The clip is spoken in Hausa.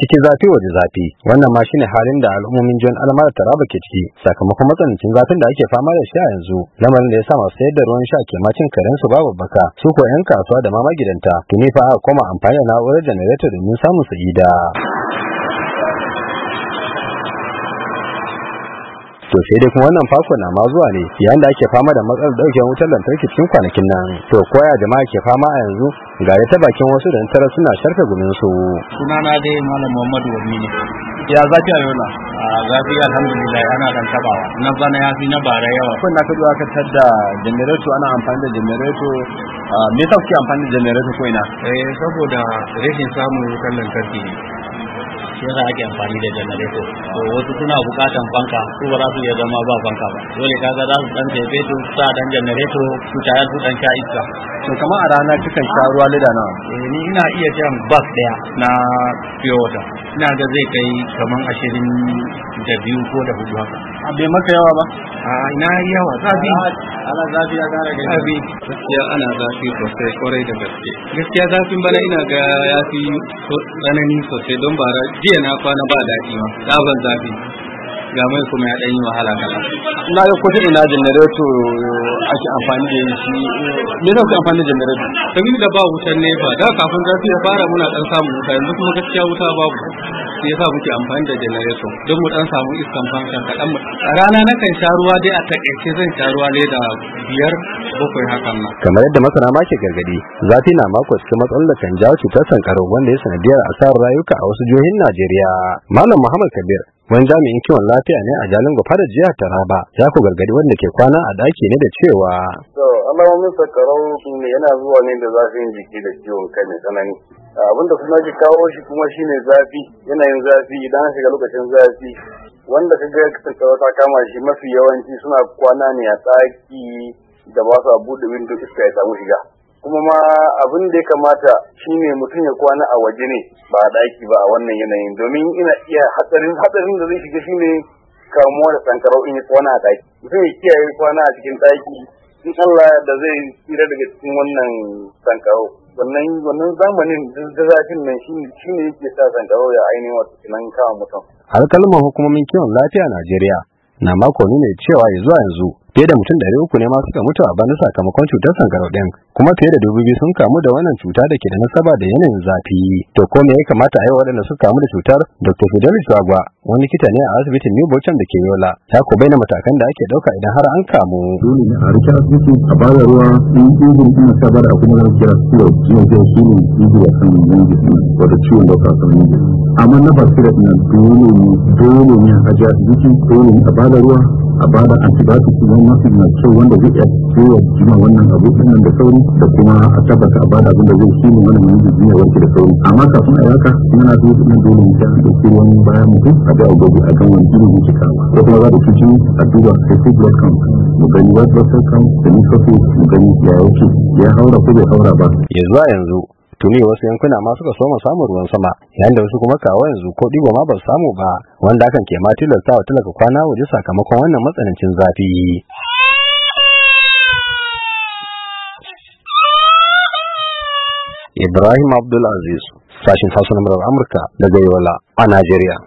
ciki zafi waje zafi wannan ma shine halin da al'ummomin John Almar Taraba ke ciki sakamakon matsanancin zafin da ake fama da shi a yanzu lamarin da ya sa masu sayar da ruwan sha ke macin karen su babu baka su ko yan kasuwa da mama gidanta. tuni fa aka koma amfani da na'urar janareto domin samun sa'ida. to sai dai kuma wannan fako na ma zuwa ne yayin da ake fama da matsalar dauke wutar lantarki cikin kwanakin nan to koya jama'a ke fama a yanzu ga ta bakin wasu da tara suna sharfe gumin su sunana dai malam muhammadu wani ne ya zafi a yau a zafi alhamdulillah ana dan tabawa na bana ya fi na bara yawa kun na kudu aka tadda generato ana amfani da generato me yasa kuke amfani da generato ko ina eh saboda rashin samun wutar lantarki shi yasa ake amfani da janareto to wasu suna bukatan fanka su ba za su iya zama ba fanka ba dole kaga za su dan tefe su sa dan janareto su tayar su dan sha iska to kamar a rana kikan sha ruwa leda na eh, ni ina iya jan bas daya na pure ina ga zai kai kaman ashirin da biyu ko da hudu haka a ah, bai maka yawa ba a ah, ina yawa zafi ana ah, zafi ya gara gari zafi gaskiya ana zafi sosai kwarai da gaske gaskiya zafin bana ina ga ya fi tsanani sosai don bara jiya na kwana ba daɗi ma zaban zafi ga mai kuma ya ɗanyi wahala kala na ga kusa ina janareto eh, ake amfani da yin shi me zai amfani da janareto sabili da ba wutar nefa da kafin zafi ya fara muna ɗan samun wuta yanzu kuma gaskiya wuta babu shi yasa muke amfani da generator don mu dan samu iskan fanka kaɗan mu rana na kan sha ruwa dai a taƙaice zan sha ruwa leda biyar bakwai hakan na. kamar yadda masana ma ke gargadi zafi na mako cikin matsalar da kan jawo cutar sankarau wanda ya sanadiyar asarar rayuka a wasu jihohin Najeriya malam Muhammad Kabir wani jami'in kiwon lafiya ne a jalin gwafa da taraba ya ku gargadi wanda ke kwana a daki ne da cewa alamomin sakarau ne yana zuwa ne da zafin jiki da ciwon kai mai tsanani abinda kuma ke kawo shi kuma shi ne zafi yanayin zafi idan shiga lokacin zafi wanda ka ga sakarau ta kama shi mafi yawanci suna kwana ne a tsaki da ba su buɗe windo iska ya samu shiga kuma ma abin da ya kamata shi ne mutum ya kwana a waje ne ba a ɗaki ba a wannan yanayin domin ina iya hatsarin hatsarin da zai shiga shi ne kamuwa da sankarau in ya kwana a ɗaki mutum ya kiyaye kwana a cikin ɗaki in Allah da zai tsira daga cikin wannan sankarau wannan zamanin da zafin nan shi ne yake sa sankarau ya ainihin wasu kinan kawo mutum alkalman hukumomin kiwon lafiya Najeriya na mako ne cewa zuwa yanzu fiye da mutum ɗari uku ne ma suka mutu a bana sakamakon cutar sankarau ɗin kuma fiye da dubu biyu sun kamu da wannan cuta da ke da nasaba da yanayin zafi to ko me ya kamata a yi waɗanda suka kamu da cutar dr fidelis wagwa wani likita ne a asibitin new bochum da ke yola ya ko bayyana matakan da ake ɗauka idan har an kamu. dole ne a rike asibiti a ba da ruwa in injin na sabar a kuma za a kira jiya ciwon su ne injin a kan yanzu wata ciwon da kasa san yanzu amma na da ina dole ne dole ne a ajiye asibiti dole ne a ba da ruwa a bada antibiotics don na ce wanda zai iya cewa jima wannan abu nan da sauri da kuma a tabbata a bada abin da zai shi ne wannan mijin jiya wanke da sauri amma kafin a yaka kuma na zuwa cikin dole mu san da cewa wani bayan mutum a da gobe a kan wani jini yake kama ko kuma za da ci jini a duba sai blood count mu gani white blood count da lymphocytes mu gani ya yake ya haura ko bai haura ba yanzu a yanzu tuni wasu yankuna ma suka soma samun ruwan sama yayin da wasu kuma kawo yanzu ko digo ma ba su samu ba wanda hakan ke ma tilasta wa talaka kwana waje sakamakon wannan matsanancin zafi Ibrahim Abdulaziz sashin Hausa na Amurka daga Yola a Najeriya